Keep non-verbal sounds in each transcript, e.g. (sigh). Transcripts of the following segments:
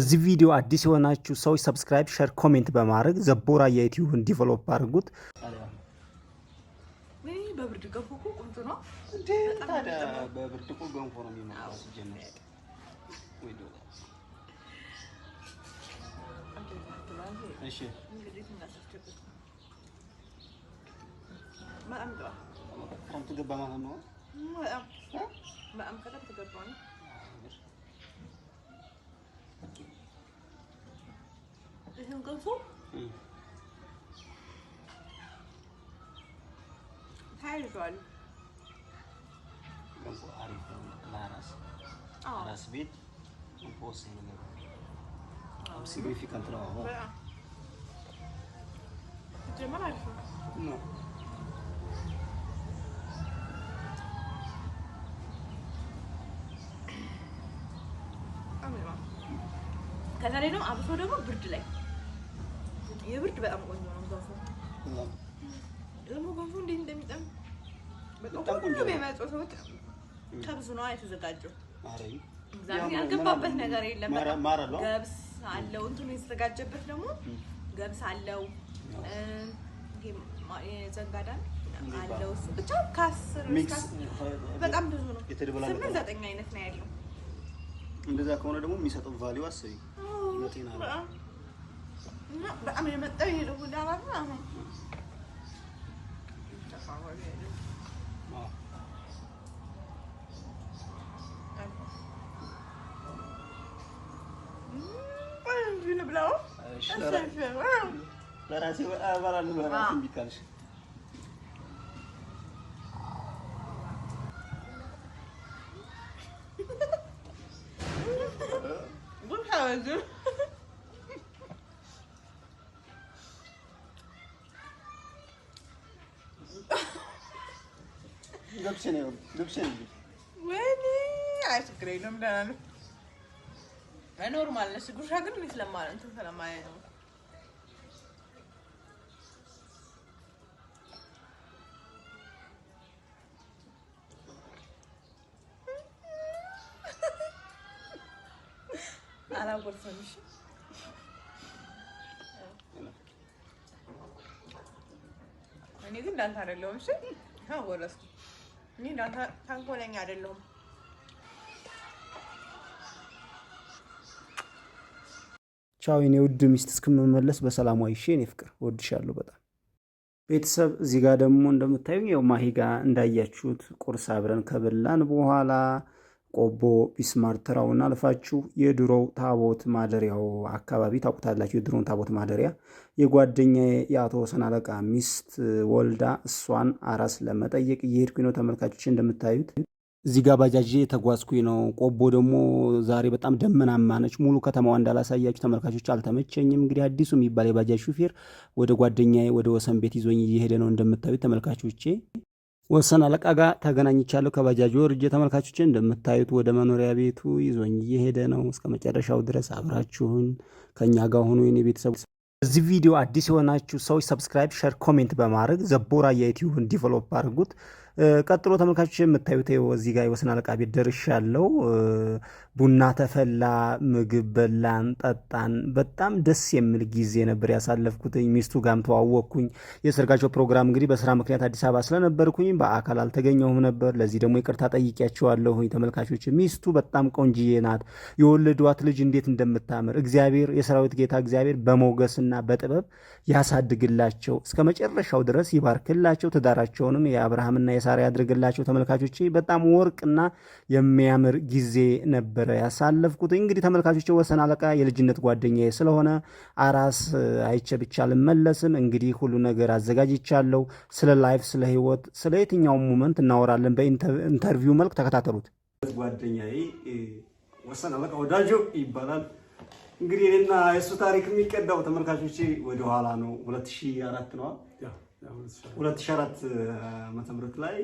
እዚህ ቪዲዮ አዲስ የሆናችሁ ሰዎች ሰብስክራይብ፣ ሸር፣ ኮሜንት በማድረግ ዘቦራ የዩቲዩብን ዲቨሎፕ አድርጉት። በብርድ ገንፎ እኮ ቆንጆ ነው። በብርድ እኮ ገንፎ ክረምት ገባ ነው። ይህን ገንፎ ታይዟል። ገንፎ አሪፍ ነው ለአራስ አራስ ቤት ገንፎ ወሳኝ ነው። ሲግኒፊካንት ነው። አሁን ጀመር አሪፍ ነው። ከዛ ላይ ደግሞ አብሶ ደግሞ ብርድ ላይ የብርድ በጣም ቆንጆ ነው ገንፎ። ደግሞ ገንፎ እንዴት እንደሚጠም በጣም የመጡ ሰዎች ከብዙ ነው የተዘጋጀው። እግዚአብሔር ያልገባበት ነገር የለም። ገብስ አለው እንትኑ የተዘጋጀበት ደግሞ ገብስ አለው ዘንጋዳ አለው እሱ ብቻ ከአስር በጣም ብዙ ነው። ስምንት ዘጠኝ አይነት ነው ያለው። እንደዛ ከሆነ ደግሞ የሚሰጠው ቫሊዩ አስቢ ለጤና ነው Amir betul dulu dah lama ni. Tak power dia tu. Oh. Vină blauw. Ik rasi vara nu la ልብሴ ነው ልብሴ ነው። ወይኔ አይ ችግር የለውም ደህና ነው። ኖርማል ነሽ። ግን እኔ ስለማለ እንትን ስለማለ ነው። አላጎርሰም እሺ እኔ ግን እንዳንተ አይደለሁም። እሺ አወረስኩ นี่เดี๋ยวทั้งคนแรงงานเดินลม ቻው የኔ ውድ ሚስት እስክመመለስ በሰላም ዋይሽ የኔ ፍቅር በጣም ቤተሰብ። እዚህ ጋር ደግሞ እንደምታዩ ያው ማሂ ጋ እንዳያችሁት ቁርስ አብረን ከበላን በኋላ ቆቦ ቢስማርት ተራውን አልፋችሁ የድሮው ታቦት ማደሪያው አካባቢ ታውቁታላችሁ። የድሮውን ታቦት ማደሪያ የጓደኛ የአቶ ወሰን አለቃ ሚስት ወልዳ እሷን አራስ ለመጠየቅ እየሄድኩኝ ነው ተመልካቾች እንደምታዩት እዚህ ጋር ባጃጅ የተጓዝኩኝ ነው። ቆቦ ደግሞ ዛሬ በጣም ደመናማ ነች። ሙሉ ከተማዋ እንዳላሳያችሁ ተመልካቾች አልተመቸኝም። እንግዲህ አዲሱ የሚባል የባጃጅ ሹፌር ወደ ጓደኛዬ ወደ ወሰን ቤት ይዞኝ እየሄደ ነው እንደምታዩት ተመልካቾቼ ወሰን አለቃ ጋር ተገናኝቻለሁ። ከባጃጅ ወርጄ ተመልካቾቼ እንደምታዩት ወደ መኖሪያ ቤቱ ይዞኝ እየሄደ ነው። እስከ መጨረሻው ድረስ አብራችሁን ከእኛ ጋር ሆኑ የኔ ቤተሰቡ። እዚህ ቪዲዮ አዲስ የሆናችሁ ሰዎች ሰብስክራይብ፣ ሸር፣ ኮሜንት በማድረግ ዘቦራ የዩቲዩብን ዲቨሎፕ አድርጉት። ቀጥሎ ተመልካቾች የምታዩት እዚህ ጋር የወሰን አለቃ ቤት ደርሻለሁ። ቡና ተፈላ፣ ምግብ በላን፣ ጠጣን። በጣም ደስ የሚል ጊዜ ነበር ያሳለፍኩትኝ። ሚስቱ ጋም ተዋወቅኩኝ። የሰርጋቸው ፕሮግራም እንግዲህ በስራ ምክንያት አዲስ አበባ ስለነበርኩኝ በአካል አልተገኘሁም ነበር። ለዚህ ደግሞ ይቅርታ ጠይቄያቸዋለሁኝ። ተመልካቾች ሚስቱ በጣም ቆንጅዬ ናት። የወለዷት ልጅ እንዴት እንደምታምር እግዚአብሔር የሰራዊት ጌታ እግዚአብሔር በሞገስና በጥበብ ያሳድግላቸው እስከ መጨረሻው ድረስ ይባርክላቸው ትዳራቸውንም የአብርሃምና ቄሳር ያድርግላቸው። ተመልካቾች። በጣም ወርቅና የሚያምር ጊዜ ነበረ ያሳለፍኩት። እንግዲህ ተመልካቾች ወሰን አለቃ የልጅነት ጓደኛዬ ስለሆነ አራስ አይቼ ብቻ እንግዲህ ሁሉ ነገር አዘጋጅቻለሁ። ስለ ላይፍ፣ ስለ ህይወት፣ ስለ የትኛውም ሞመንት እናወራለን። በኢንተርቪው መልክ ተከታተሉት። ጓደኛዬ ወሰን አለቃ ወዳጆ ይባላል። እንግዲህ እኔና የእሱ ታሪክ የሚቀዳው ተመልካቾቼ ወደኋላ ነው። 2004 ነዋል 2004 ዓመተ ምህረት ላይ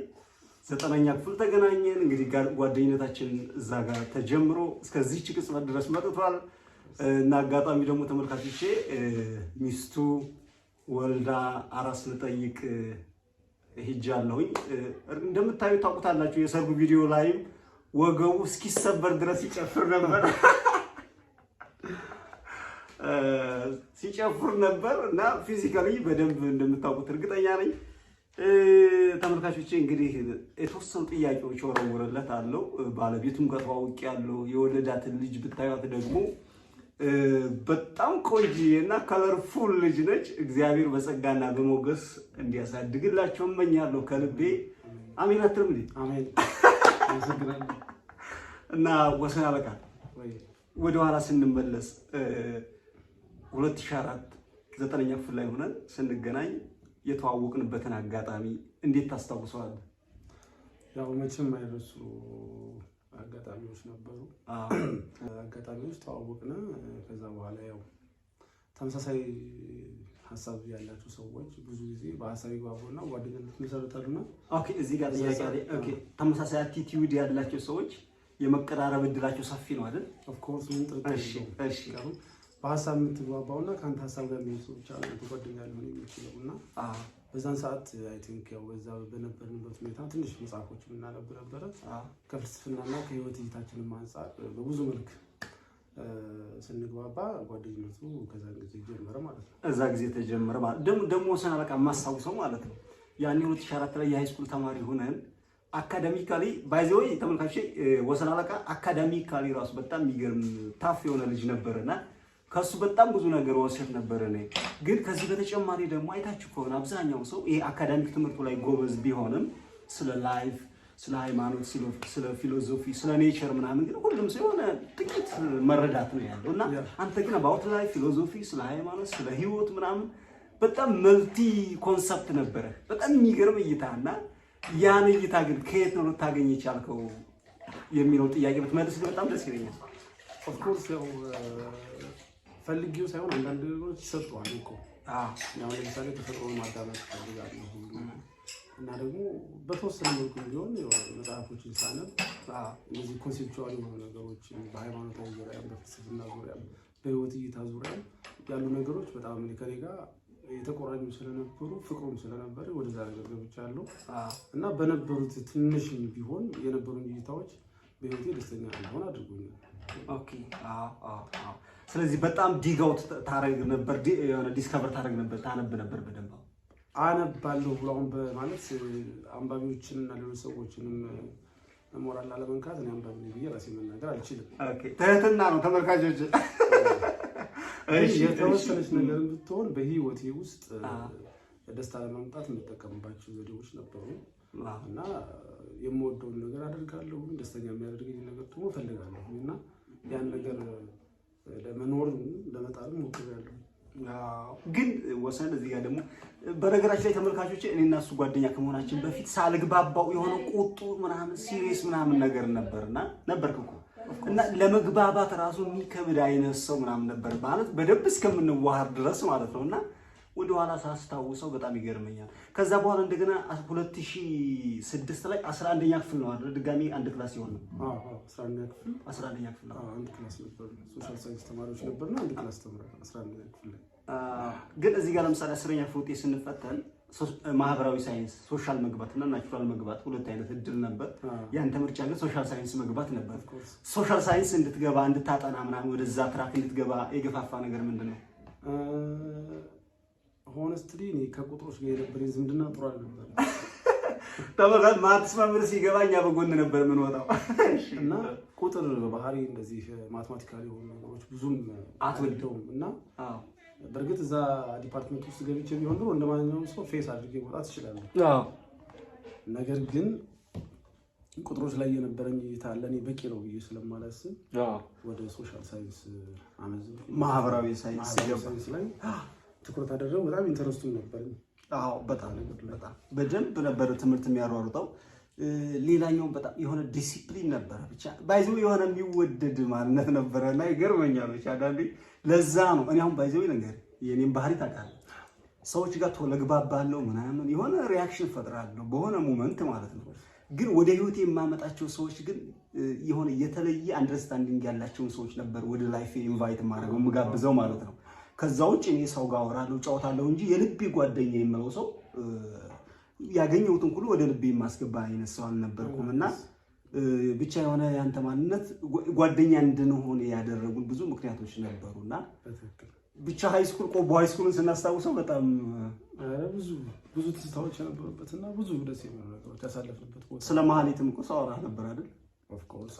ዘጠነኛ ክፍል ተገናኘን። እንግዲህ ጓደኝነታችን እዛ ጋር ተጀምሮ እስከዚህች ቅጽበት ድረስ መጥቷል እና አጋጣሚ ደግሞ ተመልካቾቼ ሚስቱ ወልዳ አራስ ልጠይቅ ሄጃለሁኝ። እንደምታዩ ታውቁታላችሁ፣ የሰርጉ ቪዲዮ ላይም ወገቡ እስኪሰበር ድረስ ይጨፍር ነበር። ሲጨፍር ነበር እና ፊዚካሊ በደንብ እንደምታውቁት እርግጠኛ ነኝ። ተመልካቾቼ እንግዲህ የተወሰኑ ጥያቄዎች ወረውረለት አለው። ባለቤቱም ጋር ተዋውቅ ያለው የወለዳትን ልጅ ብታዩት ደግሞ በጣም ቆንጂ እና ከለርፉል ልጅ ነች። እግዚአብሔር በጸጋና በሞገስ እንዲያሳድግላቸው እመኛለሁ ከልቤ አሜን። አትልም እና ወሰን አበቃ ወደኋላ ስንመለስ 2004 ዘጠነኛ ክፍል ላይ ሆነን ስንገናኝ የተዋወቅንበትን አጋጣሚ እንዴት ታስታውሰዋል? ያው መቼም አይረሱ አጋጣሚዎች ነበሩ። አጋጣሚዎች ተዋወቅን። ከዛ በኋላ ያው ተመሳሳይ ሀሳብ ያላቸው ሰዎች ብዙ ጊዜ በሀሳብ ይግባቡና ጓደኝነት መሰረታሉና እዚህ ጋር ተመሳሳይ አቲቲዩድ ያላቸው ሰዎች የመቀራረብ እድላቸው ሰፊ ነው አይደል? ኦፍኮርስ ምን ጥርጥር በሀሳብ የምትግባባውና ከአንተ ሀሳብ ጋር የሚሄድ ሰው ብቻ ነው ጓደኛ ሊሆን የሚችለው እና በዛን ሰዓት አይ ቲንክ ያው በዛ በነበርንበት ሁኔታ ትንሽ መጽሐፎች የምናነብ ነበረ። ከፍልስፍናና ከህይወት እይታችንም አንጻር በብዙ መልክ ስንግባባ ጓደኝነቱ ከዛ ጊዜ ጀመረ ማለት ነው። እዛ ጊዜ ተጀመረ ማለት ደግሞ ሰና በቃ የማስታውሰው ማለት ነው ያኔ 2004 ላይ የሃይስኩል ተማሪ ሆነን አካዳሚካሊ ባይዘወይ ተመልካች ወሰን አለቃ አካዳሚካሊ ራሱ በጣም የሚገርም ታፍ የሆነ ልጅ ነበርና ከሱ በጣም ብዙ ነገር ወሰድ ነበር። እኔ ግን ከዚህ በተጨማሪ ደግሞ አይታችሁ ከሆነ አብዛኛው ሰው ይሄ አካዳሚክ ትምህርቱ ላይ ጎበዝ ቢሆንም ስለ ላይፍ፣ ስለ ሃይማኖት፣ ስለ ፊሎዞፊ፣ ስለ ኔቸር ምናምን ግን ሁሉም ሰው የሆነ ጥቂት መረዳት ነው ያለው እና አንተ ግን አባውት ላይፍ፣ ፊሎዞፊ፣ ስለ ሃይማኖት፣ ስለ ህይወት ምናምን በጣም መልቲ ኮንሰፕት ነበረ። በጣም የሚገርም እይታ እና ያን እይታ ግን ከየት ነው ልታገኝ የቻልከው የሚለው ጥያቄ ብትመልስ በጣም ደስ ይለኛል። ኦፍኮርስ ያው ፈልጊው ሳይሆን አንዳንድ ነገሮች ይሰጠዋል እኮ ያው ለምሳሌ ተፈጥሮን ማዳመጥ ፈልጋለሁ እና ደግሞ በተወሰነ መልኩ ቢሆን መጽሐፎችን ሳነብ እነዚህ ኮንሴፕቹዋል የሆኑ ነገሮች በሃይማኖታዊ ዙሪያ፣ በፍልስፍና ዙሪያ፣ በህይወት እይታ ዙሪያ ያሉ ነገሮች በጣም ከኔ ጋር የተቆራኙ ስለነበሩ ፍቅሩም ስለነበረ ወደዛ ነገር ገብቻለሁ እና በነበሩት ትንሽ ቢሆን የነበሩ እይታዎች በህይወቴ ደስተኛ እንደሆን አድርጎኛል። ስለዚህ በጣም ዲጋውት ታረግ ነበር፣ ዲስከቨር ታረግ ነበር፣ ታነብ ነበር በደንብ አነባለሁ ብሎ አሁን በማለት አንባቢዎችን እና ሌሎች ሰዎችንም ሞራል ላለመንካት እኔ አንባቢ ነኝ ብዬ ራሴ መናገር አልችልም። ትህትና ነው ተመልካቾች። የተወሰነች ነገር ብትሆን በህይወቴ ውስጥ ደስታ ለማምጣት የምጠቀምባቸው ዘዴዎች ነበሩ እና የምወደውን ነገር አደርጋለሁ። ደስተኛ የሚያደርገኝ ነገር ደግሞ እፈልጋለሁ እና ያን ነገር ለመኖር ለመጣል ሞክሬያለሁ። ግን ወሰን እዚህ ጋር ደግሞ በነገራችን ላይ ተመልካቾች እና እሱ ጓደኛ ከመሆናችን በፊት ሳልግባባው የሆነ ቁጡ ምናምን ሲሪየስ ምናምን ነገር ነበርና ነበርክ እኮ እና ለመግባባት ራሱ የሚከብድ አይነት ሰው ምናምን ነበር ማለት በደንብ እስከምንዋሃር ድረስ ማለት ነው እና ወደ ኋላ ሳስታውሰው በጣም ይገርመኛል። ከዛ በኋላ እንደገና 2006 ላይ 11ኛ ክፍል ነው አይደል? ድጋሚ አንድ ክላስ ይሆን ነው። አዎ አዎ፣ 11ኛ ክፍል 11ኛ ክፍል ነው። አንድ ክላስ ሳይንስ ተማሪዎች ነበርና አንድ ክላስ 11ኛ ክፍል ግን እዚህ ጋር ለምሳሌ 10ኛ ክፍል ውጤት ስንፈተን ማህበራዊ ሳይንስ ሶሻል መግባት እና ናቹራል መግባት ሁለት አይነት እድል ነበር። ያንተ ምርጫ ግን ሶሻል ሳይንስ መግባት ነበር። ሶሻል ሳይንስ እንድትገባ እንድታጠና ምናምን ወደዛ ትራክ እንድትገባ የገፋፋ ነገር ምንድን ነው? ሆነስትሊ እኔ ከቁጥሮች ጋር የነበረኝ ዝምድና ጥሩ አልነበረ። (laughs) ተመራል ማትስ መምህር ሲገባኛ በጎን ነበር የምንወጣው እና ቁጥር በባህሪ እንደዚህ ማትማቲካል የሆኑ ነገሮች ብዙም አትወደውም እና በእርግጥ እዛ ዲፓርትመንት ውስጥ ገብቼ ቢሆን ድሮ እንደ ማንኛውም ሰው ፌስ አድርጌ መውጣት እችላለሁ። ነገር ግን ቁጥሮች ላይ የነበረኝ እይታ ለእኔ በቂ ነው ብዬ ስለማላስብ ወደ ሶሻል ሳይንስ አመዝ ማህበራዊ ሳይንስ ላይ ትኩረት አደረገው። በጣም ኢንተረስቱን ነበር። አዎ በጣም በጣም በደንብ ነበረ ትምህርት የሚያሯሩጠው። ሌላኛው በጣም የሆነ ዲሲፕሊን ነበረ። ብቻ ባይዘው የሆነ የሚወደድ ማንነት ነበረ እና ይገርመኛል። ብቻ አንዳንዴ ለዛ ነው እኔ አሁን ባይዘው ነገር የኔም ባህሪ ታውቃለህ፣ ሰዎች ጋር ቶሎ እግባባለሁ ምናምን የሆነ ሪያክሽን እፈጥራለሁ በሆነ ሞመንት ማለት ነው። ግን ወደ ህይወቴ የማመጣቸው ሰዎች ግን የሆነ የተለየ አንደርስታንዲንግ ያላቸውን ሰዎች ነበር ወደ ላይፍ ኢንቫይት ማድረገው የምጋብዘው ማለት ነው። ከዛ ውጭ እኔ ሰው ጋር አወራለሁ፣ ጫወታለሁ እንጂ የልቤ ጓደኛ የምለው ሰው ያገኘሁትን ሁሉ ወደ ልቤ የማስገባ አይነት ሰው አልነበርኩም እና ብቻ የሆነ ያንተ ማንነት ጓደኛ እንድንሆን ያደረጉ ብዙ ምክንያቶች ነበሩና እና ብቻ ሃይስኩል ቆቦ ሃይስኩልን ስናስታውሰው በጣም ብዙ ብዙ ትዝታዎች የነበሩበት እና ብዙ ደስ የሚሉ ነገሮች ያሳለፍንበት ቦታ። ስለ መሀሌትም እኮ ሳወራ ነበር አይደል?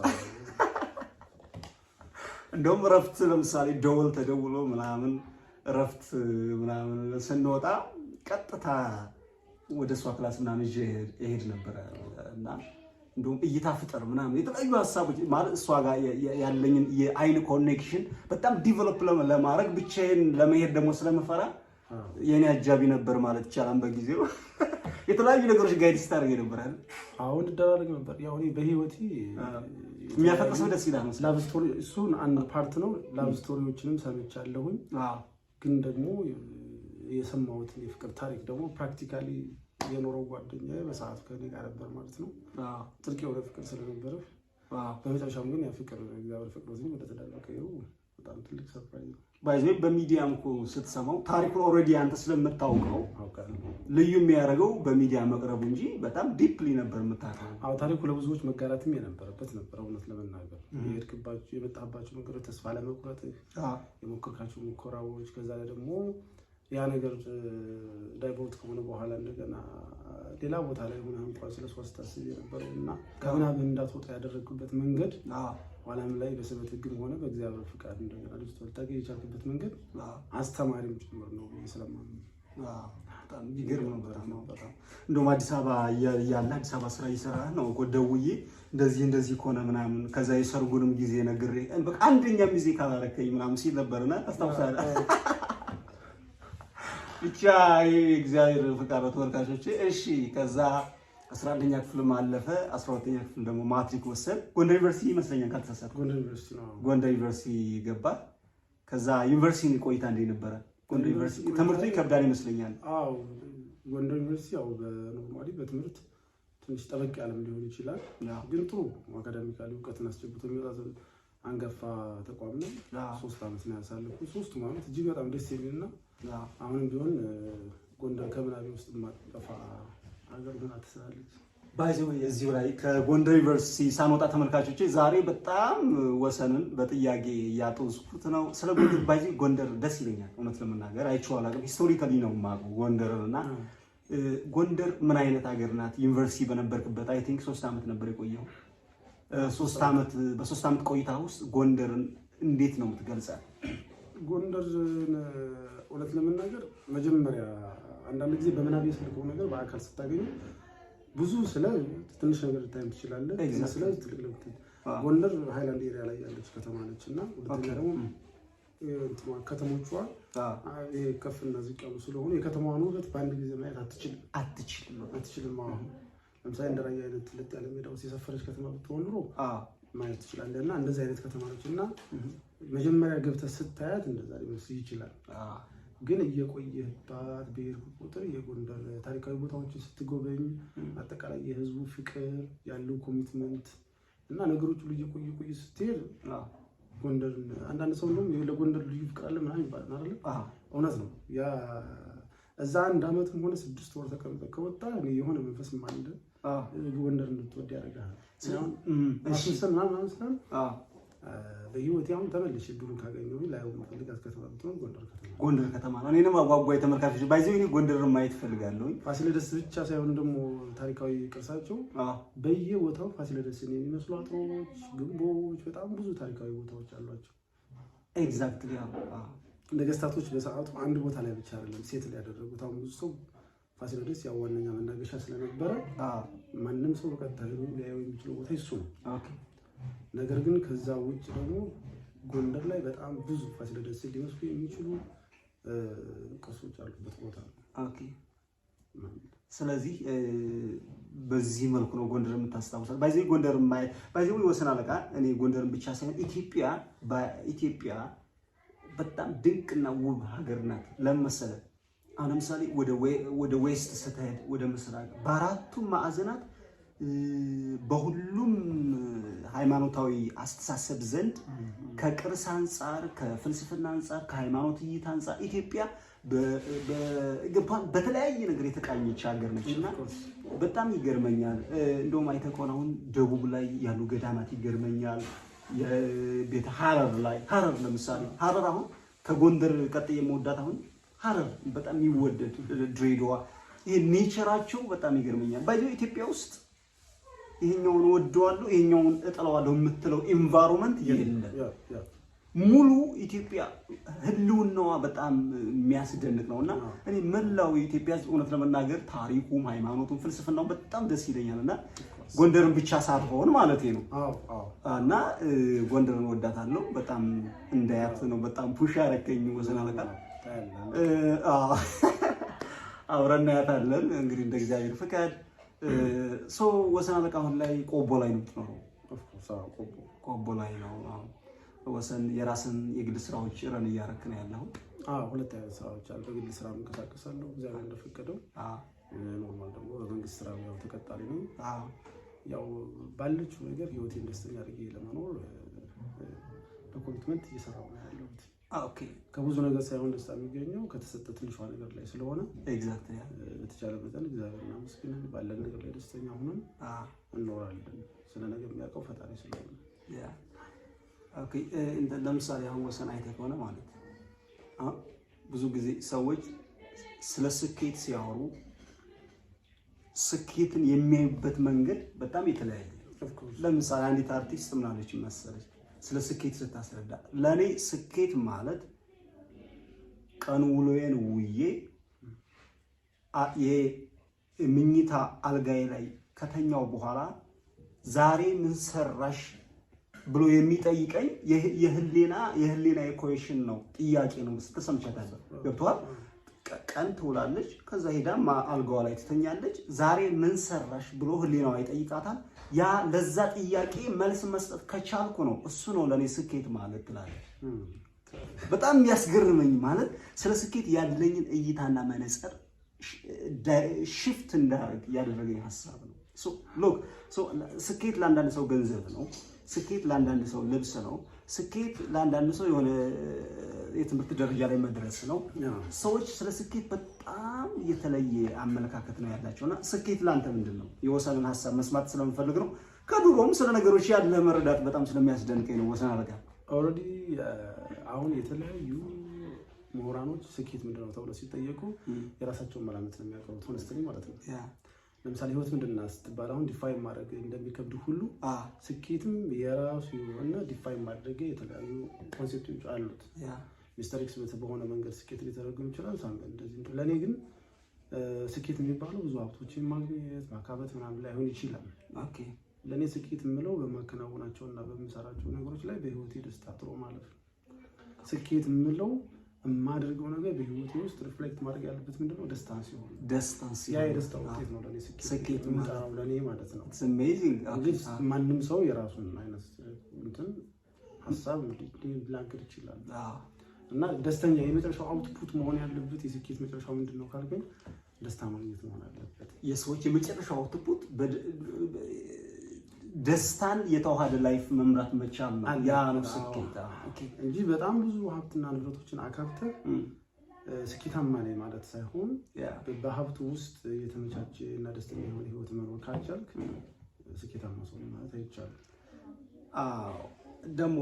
(laughs) እንደውም እረፍት ለምሳሌ ደወል ተደውሎ ምናምን እረፍት ምናምን ስንወጣ ቀጥታ ወደ እሷ ክላስ ምናምን ይዤ እሄድ ነበረ እና እንዲሁም እይታ ፍጠር ምናምን የተለያዩ ሀሳቦች ማለት እሷ ጋር ያለኝን የአይን ኮኔክሽን በጣም ዲቨሎፕ ለማድረግ ብቻዬን ለመሄድ ደግሞ ስለምፈራ የኔ አጃቢ ነበር ማለት ይቻላል። በጊዜው (laughs) የተለያዩ ነገሮች ጋይድ ስታደርግ ነበራል። አሁን እንደራረግ ነበር። ያው እኔ በህይወቴ የሚያፈቅር ሰው ደስ ይላል። ላቭ ስቶሪ እሱን አንድ ፓርት ነው። ላቭ ስቶሪዎችንም ሰምቻለሁኝ። ግን ደግሞ የሰማሁትን የፍቅር ታሪክ ደግሞ ፕራክቲካሊ የኖረው ጓደኛ በሰዓቱ ከኔ ጋር ነበር ማለት ነው። ጥልቅ የሆነ ፍቅር ስለነበረ በመጨረሻም ግን ያ ፍቅር እግዚአብሔር ፈቅዶልኝ ወደ ትዳር በቃ በጣም ትልቅ ሰርፕራይዝ ነው። ባይዘይ በሚዲያም እኮ ስትሰማው ታሪኩን ኦልሬዲ አንተ ስለምታውቀው ልዩ የሚያደርገው በሚዲያ መቅረቡ እንጂ በጣም ዲፕሊ ነበር የምታውቀው። አዎ ታሪኩ ለብዙዎች መጋራትም የነበረበት ነበር። እውነት ለመናገር የሄድክባቸው የመጣባቸው ነገሮች፣ ተስፋ ለመቁረጥ የሞከርካቸው ሙከራዎች፣ ከዛ ላይ ደግሞ ያ ነገር ዳይቨርት ከሆነ በኋላ እንደገና ሌላ ቦታ ላይ ሆነ እንኳ ስለ ሶስት አስብ የነበረው እና ከምናምን እንዳትወጣ ያደረግኩበት መንገድ ኋላም ላይ በስበት ህግም ሆነ በእግዚአብሔር ፍቃድ እንደገና ልጅ ልታገኝ የቻልኩበት መንገድ አስተማሪም ጭምር ነው ስለማምን በጣም ይገርም ነበር ነው። በጣም እንደውም አዲስ አበባ እያለ አዲስ አበባ ስራ እየሰራ ነው እኮ ደውዬ እንደዚህ እንደዚህ ከሆነ ምናምን ከዛ የሰርጉንም ጊዜ ነግሬ በቃ አንደኛም ጊዜ ካላረከኝ ምናምን ሲል ነበርና ታስታውሳለህ? ብቻ እግዚአብሔር ፈቃድ ተወርካሾች። እሺ ከዛ አስራ ኛ ክፍልም አለፈ። 12ኛ ክፍል ደግሞ ማትሪክ ወሰድ ጎንደር ዩኒቨርሲቲ ይመስለኛል ካልተሳሳትኩ፣ ጎንደር ዩኒቨርሲቲ ነው። ጎንደር ዩኒቨርሲቲ ገባ። ከዛ ዩኒቨርሲቲ ቆይታ እንዴት ነበረ? ጎንደር ዩኒቨርሲቲ ትምህርቱ ይከብዳል ይመስለኛል። አዎ ጎንደር ዩኒቨርሲቲ ያው በኖርማሊ በትምህርት ትንሽ ጠበቅ ያለም ሊሆን ይችላል፣ ግን ጥሩ አካዳሚካሊ እውቀትን አስጨብጦ የሚወጣ አንጋፋ ተቋም ነው። ሶስት ዓመት ነው ያሳለፍኩት። ሶስቱም ዓመት እጅግ በጣም ደስ የሚል የሚልና አሁንም ቢሆን ጎንደር ከምናቢ ውስጥ ማጠፋ ሀገር ሆና ትስላለች። ባይዘ እዚሁ ላይ ከጎንደር ዩኒቨርሲቲ ሳንወጣ ተመልካቾች፣ ዛሬ በጣም ወሰንን በጥያቄ እያጠወስኩት ነው። ስለ ጎንደር ባይዘ ጎንደር ደስ ይለኛል። እውነት ለመናገር አይቼው አላውቅም። ሂስቶሪካሊ ነው የማውቀው ጎንደርን እና ጎንደር ምን አይነት ሀገር ናት? ዩኒቨርሲቲ በነበርክበት አይ ቲንክ ሶስት ዓመት ነበር የቆየው በሶስት ዓመት ቆይታ ውስጥ ጎንደርን እንዴት ነው የምትገልጻል? ጎንደርን እውነት ለመናገር መጀመሪያ አንዳንድ ጊዜ በምናብ የስልከው ነገር በአካል ስታገኙ ብዙ ስለ ትንሽ ነገር ልታይም ትችላለህ፣ ስለ ጎንደር ሃይላንድ ኤሪያ ላይ ያለች ከተማ ነች እና ሁለተኛ ደግሞ ከተሞቿ ከፍና ዝቅ ያሉ ስለሆኑ የከተማዋን ውበት በአንድ ጊዜ ማየት አትችልም አትችልም አትችልም። ለምሳሌ እንደራያ አይነት ትልቅ ያለ ሜዳ ውስጥ የሰፈረች ከተማ ብትሆን ኑሮ ማየት ትችላለህ። እና እንደዚህ አይነት ከተማዎች እና መጀመሪያ ገብተህ ስታያት እንደዛ ሊመስል ይችላል። ግን እየቆየህባት ብሄድክ ቁጥር የጎንደር ታሪካዊ ቦታዎችን ስትጎበኝ አጠቃላይ የህዝቡ ፍቅር ያለው ኮሚትመንት እና ነገሮች ሁሉ እየቆየ ቆየ ስትሄድ ጎንደር አንዳንድ ሰው እንደውም ለጎንደር ልዩ ፍቅር አለ ምናምን ይባላል አይደል? እውነት ነው። ያ እዛ አንድ አመትም ሆነ ስድስት ወር ተቀምጠ ከወጣ የሆነ መንፈስ ማንደ ጎንደር እንድትወድ ያደርጋል። አስምሰል ምናምን አመስላል በህይወቴ አሁን ተመልሼ እድሉን ካገኘሁ ላይ የምፈልጋት ከተማ ብትሆን ጎንደር ከተማ ጎንደር ከተማ ነው። እኔንም አጓጓይ ተመልካቾች ባይዘው እኔ ማየት እፈልጋለሁ። ፋሲለደስ ብቻ ሳይሆን ደግሞ ታሪካዊ ቅርሳቸው በየቦታው ፋሲለደስ የሚመስሉ አጥሮች፣ ግንቦች፣ በጣም ብዙ ታሪካዊ ቦታዎች አሏቸው። ኤግዛክትሊ እንደ በሰዓቱ አንድ ቦታ ላይ ብቻ አይደለም ሴት ላይ ያደረጉት አሁን ብዙ ሰው ፋሲለደስ ያው ዋነኛ መናገሻ ስለነበረ ማንም ሰው በቀጥታ ሄዶ ሊያየው የሚችለው ቦታ ይሱ ነው። ነገር ግን ከዛ ውጭ ደግሞ ጎንደር ላይ በጣም ብዙ ፋሲለደስ ሊመስሉ የሚችሉ ቅርሶች አሉበት ቦታ ነው። ስለዚህ በዚህ መልኩ ነው ጎንደር የምታስታውሳል። ባይዚ ጎንደር ባይዘ ወሰን አለቃ እኔ ጎንደርን ብቻ ሳይሆን ኢትዮጵያ በኢትዮጵያ በጣም ድንቅና ውብ ሀገር ናት ለመሰለ አሁን ለምሳሌ ወደ ዌስት ስትሄድ ወደ ምስራቅ በአራቱም ማዕዘናት በሁሉም ሃይማኖታዊ አስተሳሰብ ዘንድ ከቅርስ አንጻር፣ ከፍልስፍና አንጻር፣ ከሃይማኖት እይታ አንጻር ኢትዮጵያ በተለያየ ነገር የተቃኘች ሀገር ነች እና በጣም ይገርመኛል። እንደውም አይተህ ከሆነ አሁን ደቡብ ላይ ያሉ ገዳማት ይገርመኛል። ቤተ ሀረር ላይ ሀረር ለምሳሌ ሀረር አሁን ከጎንደር ቀጥ የመወዳት አሁን ሀረር በጣም የሚወደዱ ድሬዳዋ፣ ይሄ ኔቸራቸው በጣም ይገርመኛል። ባይ ኢትዮጵያ ውስጥ ይሄኛውን ወደዋለሁ ይሄኛውን እጠለዋለሁ የምትለው ኤንቫይሮንመንት የለም። ሙሉ ኢትዮጵያ ህልውናዋ በጣም የሚያስደንቅ ነው እና እኔ መላው የኢትዮጵያ ህዝብ እውነት ለመናገር ታሪኩም፣ ሃይማኖቱም፣ ፍልስፍናው በጣም ደስ ይለኛል እና ጎንደርን ብቻ ሳትሆን ማለት ነው እና ጎንደርን ወዳታለሁ። በጣም እንዳያት ነው በጣም ፑሽ ያረገኝ ወዘን አለቃ አብረን እናያታለን። እንግዲህ እንደ እግዚአብሔር ፍቃድ ሰው ወሰን አለቃ አሁን ላይ ቆቦ ላይ ነው የምትኖረው። ቆቦ ላይ ነው ወሰን የራስን የግል ስራዎች ረን እያረክ ነው ያለው። ሁለት አይነት ስራዎች አሉ። በግል ስራ እንቀሳቀሳለሁ እግዚአብሔር እንደፈቀደው። ኖርማል ደግሞ በመንግስት ስራ ያው ተቀጣሪ ነው። ያው ባለችው ነገር ህይወቴን ደስተኛ አድርጌ ለመኖር በኮሚትመንት እየሰራሁ ነው ያለሁት። Ah, ከብዙ ነገር ሳይሆን ደስታ የሚገኘው ከተሰጠ ትንሿ ነገር ላይ ስለሆነ በተቻለ መጠን እግዚአብሔር እናመስግን። ባለን ነገር ላይ ደስተኛ ሆነን ah. እንኖራለን። ስለ ነገር የሚያውቀው ፈጣሪ ስለሆነ ለምሳሌ አሁን ወሰን አይተህ ከሆነ ማለት ብዙ ጊዜ ሰዎች ስለ ስኬት ሲያወሩ ስኬትን የሚያዩበት መንገድ በጣም የተለያየ። ለምሳሌ አንዲት አርቲስት ምናለች መሰለች ስለ ስኬት ስታስረዳ ለእኔ ስኬት ማለት ቀን ውሎዬን ውዬ የምኝታ አልጋዬ ላይ ከተኛው በኋላ ዛሬ ምን ሰራሽ ብሎ የሚጠይቀኝ የህሊና የህሊና የኮሽን ነው ጥያቄ ነው ስትሰምቻታለሁ። ገብቶሃል? ቀን ትውላለች፣ ከዛ ሄዳ አልጋዋ ላይ ትተኛለች። ዛሬ ምን ሰራሽ ብሎ ህሊናዋ ይጠይቃታል። ያ ለዛ ጥያቄ መልስ መስጠት ከቻልኩ ነው እሱ ነው ለእኔ ስኬት ማለት ትላለ በጣም የሚያስገርመኝ ማለት ስለ ስኬት ያለኝን እይታና መነጽር ሽፍት እንዳደርግ ያደረገኝ ሀሳብ ነው። ሎክ ስኬት ለአንዳንድ ሰው ገንዘብ ነው። ስኬት ለአንዳንድ ሰው ልብስ ነው። ስኬት ለአንዳንድ ሰው የሆነ የትምህርት ደረጃ ላይ መድረስ ነው። ሰዎች ስለ ስኬት በጣም የተለየ አመለካከት ነው ያላቸው እና ስኬት ለአንተ ምንድን ነው? የወሰንን ሀሳብ መስማት ስለምፈልግ ነው። ከድሮም ስለ ነገሮች ያለ መረዳት በጣም ስለሚያስደንቀኝ ነው። ወሰን አረጋ ኦልሬዲ አሁን የተለያዩ ምሁራኖች ስኬት ምንድን ነው ተብለው ሲጠየቁ የራሳቸውን መላምት ነው የሚያቀሩት። ሆነስትሊ ማለት ነው። ለምሳሌ ህይወት ምንድና ስትባል አሁን ዲፋይ ማድረግ እንደሚከብድ ሁሉ ስኬትም የራሱ የሆነ ዲፋይ ማድረግ የተለያዩ ኮንሴፕቶች አሉት። ሂስተሪክስ በሆነ መንገድ ስኬት ሊተረጎም ይችላል። ሳንበል እንደዚህ ለእኔ ግን ስኬት የሚባለው ብዙ ሀብቶችን ማግኘት ማካበት ምናምን ላይሆን ይችላል። ለእኔ ስኬት የምለው በማከናወናቸው እና በምሰራቸው ነገሮች ላይ በህይወቴ ደስታ ጥሮ ማለፍ ነው። ስኬት የምለው የማደርገው ነገር በህይወቴ ውስጥ ሪፍሌክት ማድረግ ያለበት ምንድነው? ደስታ ሲሆን ያ የደስታ ውጤት ነው ለእኔ ስኬት የምጠራው ለእኔ ማለት ነው። ማንም ሰው የራሱን አይነት እንትን ሀሳብ ሊላገር ይችላል እና ደስተኛ የመጨረሻው አውትፑት መሆን ያለበት የስኬት መጨረሻው ምንድን ነው ካልከኝ ደስታ ማግኘት መሆን አለበት። የሰዎች የመጨረሻው አውትፑት ደስታን የተዋሃደ ላይፍ መምራት መቻል ያ ነው ስኬት እንጂ በጣም ብዙ ሀብትና ንብረቶችን አካብተ ስኬታማ ላይ ማለት ሳይሆን በሀብቱ ውስጥ የተመቻቸ እና ደስተኛ የሆነ ህይወት መኖር ካልቻልክ ስኬታማ ሰው ማለት አይቻልም። ደግሞ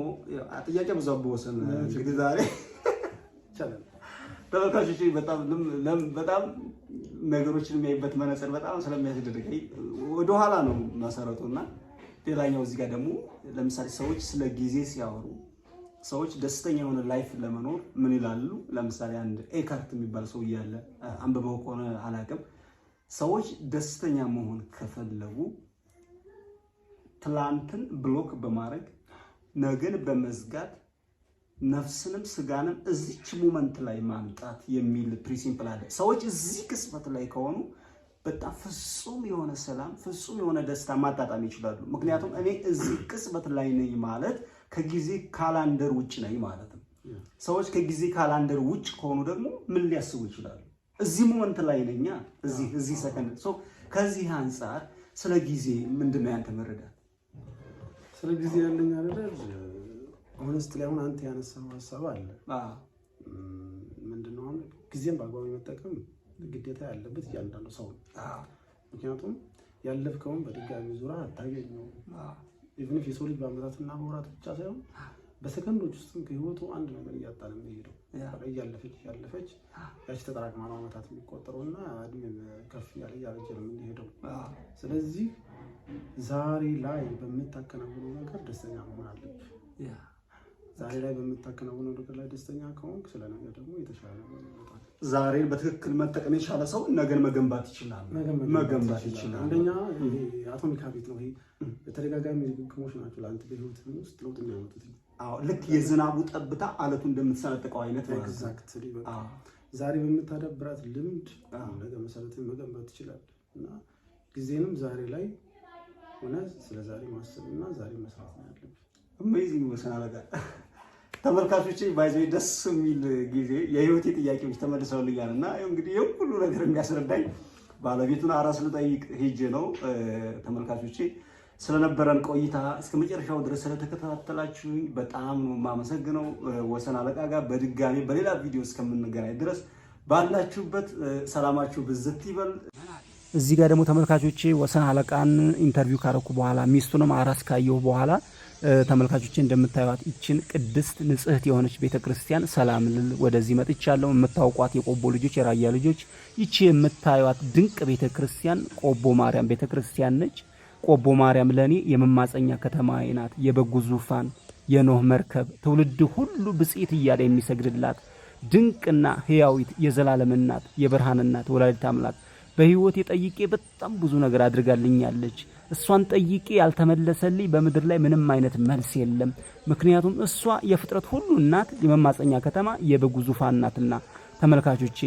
ጥያቄ ብዙ አበወሰን እንግዲህ ዛሬ ተመልካቾች በጣም ነገሮችን የሚያይበት መነጽር በጣም ስለሚያስደድገኝ ወደኋላ ነው መሰረቱ እና ሌላኛው እዚህ ጋር ደግሞ ለምሳሌ ሰዎች ስለ ጊዜ ሲያወሩ ሰዎች ደስተኛ የሆነ ላይፍ ለመኖር ምን ይላሉ? ለምሳሌ አንድ ኤካርት የሚባል ሰው እያለ አንብበው ከሆነ አላውቅም። ሰዎች ደስተኛ መሆን ከፈለጉ ትላንትን ብሎክ በማድረግ ነገን በመዝጋት ነፍስንም ስጋንም እዚች ሙመንት ላይ ማምጣት የሚል ፕሪንሲፕል አለ። ሰዎች እዚህ ቅጽበት ላይ ከሆኑ በጣም ፍጹም የሆነ ሰላም፣ ፍጹም የሆነ ደስታ ማጣጣም ይችላሉ። ምክንያቱም እኔ እዚህ ቅጽበት ላይ ነኝ ማለት ከጊዜ ካላንደር ውጭ ነኝ ማለት ነው። ሰዎች ከጊዜ ካላንደር ውጭ ከሆኑ ደግሞ ምን ሊያስቡ ይችላሉ? እዚህ ሙመንት ላይ ነኛ፣ እዚህ ሰከንድ። ከዚህ አንጻር ስለ ጊዜ ምንድን ነው ያንተ መረዳት? ስለ ጊዜ ያለኝ አደረግ ሆነስት ላይ አሁን አንተ ያነሳው ሀሳብ አለ ምንድነው? አሁን ጊዜም በአግባቡ የመጠቀም ግዴታ ያለበት እያንዳንዱ ሰው ነው። ምክንያቱም ያለፍከውን በድጋሚ ዙራ አታገኘው። ኢቭን የሰው ልጅ በአመታትና በወራት ብቻ ሳይሆን በሰከንዶች ውስጥም ከህይወቱ አንድ ነገር እያጣ ነው የሚሄደው እያለፈች ያለፈች ያች ተጠራቅማ ነው ዓመታት የሚቆጠረው እና እድሜም ከፍ ያለ እያረጀ ነው የምንሄደው። ስለዚህ ዛሬ ላይ በምታከናውነው ነገር ደስተኛ መሆን አለብህ። ዛሬ ላይ በምታከናውነው ነገር ላይ ደስተኛ ከሆንክ ነገር ደግሞ የተሻለ መውጣት ዛሬ በትክክል መጠቀም የቻለ ሰው ነገን መገንባት ይችላል መገንባት ይችላል። አንደኛ አቶሚክ ሀቢት ነው። በተደጋጋሚ ድግግሞች ናቸው ለአንተ በህይወት ውስጥ ለውጥ የሚያመጡት። ልክ የዝናቡ ጠብታ አለቱ እንደምትሰነጥቀው አይነት ኤግዛክት። ዛሬ በምታዳብራት ልምድ ነገ መሰረትን መገንባት ትችላል እና ጊዜንም ዛሬ ላይ ሆነ ስለ ዛሬ ማሰብ እና ዛሬ መስራት ነው ያለብን። አሜዚንግ መሰናለጋል ተመልካቾች ባይዘ ደስ የሚል ጊዜ የህይወቴ ጥያቄዎች ተመልሰውልኛል እና እንግዲህ ይህ ሁሉ ነገር የሚያስረዳኝ ባለቤቱን አራስ ልጠይቅ ሄጄ ነው። ተመልካቾች ስለነበረን ቆይታ እስከ መጨረሻው ድረስ ስለተከታተላችሁኝ በጣም ነው የማመሰግነው። ወሰን አለቃ ጋር በድጋሚ በሌላ ቪዲዮ እስከምንገናኝ ድረስ ባላችሁበት ሰላማችሁ ብዝት ይበል። እዚህ ጋር ደግሞ ተመልካቾቼ ወሰን አለቃን ኢንተርቪው ካረኩ በኋላ ሚስቱንም አራስ ካየሁ በኋላ ተመልካቾቼ እንደምታዩት ይችን ቅድስት ንጽህት የሆነች ቤተ ክርስቲያን ሰላም ልል ወደዚህ መጥቻለሁ። የምታውቋት የቆቦ ልጆች፣ የራያ ልጆች፣ ይቺ የምታዩት ድንቅ ቤተ ክርስቲያን ቆቦ ማርያም ቤተ ክርስቲያን ነች። ቆቦ ማርያም ለእኔ የመማፀኛ ከተማ ናት። የበጉ ዙፋን፣ የኖህ መርከብ፣ ትውልድ ሁሉ ብጽዕት እያለ የሚሰግድላት ድንቅና ህያዊት የዘላለም እናት፣ የብርሃን እናት፣ ወላዲተ አምላክ በህይወቴ ጠይቄ በጣም ብዙ ነገር አድርጋልኛለች። እሷን ጠይቄ ያልተመለሰልኝ በምድር ላይ ምንም አይነት መልስ የለም። ምክንያቱም እሷ የፍጥረት ሁሉ እናት፣ የመማፀኛ ከተማ፣ የበጉ ዙፋን ተመልካቾቼ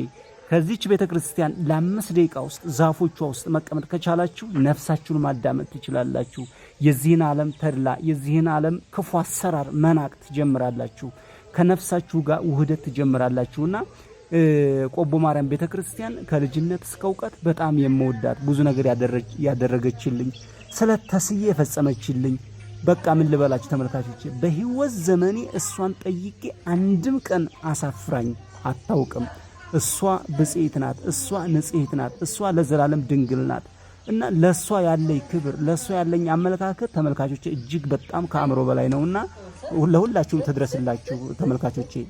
ከዚች ቤተ ክርስቲያን ለአምስት ደቂቃ ውስጥ ዛፎቿ ውስጥ መቀመጥ ከቻላችሁ ነፍሳችሁን ማዳመጥ ትችላላችሁ። የዚህን ዓለም ተድላ የዚህን ዓለም ክፉ አሰራር መናቅ ትጀምራላችሁ። ከነፍሳችሁ ጋር ውህደት ትጀምራላችሁና ቆቦ ማርያም ቤተክርስቲያን ከልጅነት እስከ እውቀት በጣም የምወዳት ብዙ ነገር ያደረገችልኝ ስለ ተስዬ የፈጸመችልኝ በቃ ምን ልበላችሁ ተመልካቾች፣ በህይወት ዘመኔ እሷን ጠይቄ አንድም ቀን አሳፍራኝ አታውቅም። እሷ ብጽዕት ናት፣ እሷ ንጽሕት ናት፣ እሷ ለዘላለም ድንግል ናት እና ለእሷ ያለኝ ክብር፣ ለእሷ ያለኝ አመለካከት ተመልካቾቼ እጅግ በጣም ከአእምሮ በላይ ነውና ለሁላችሁም ትድረስላችሁ ተመልካቾቼ።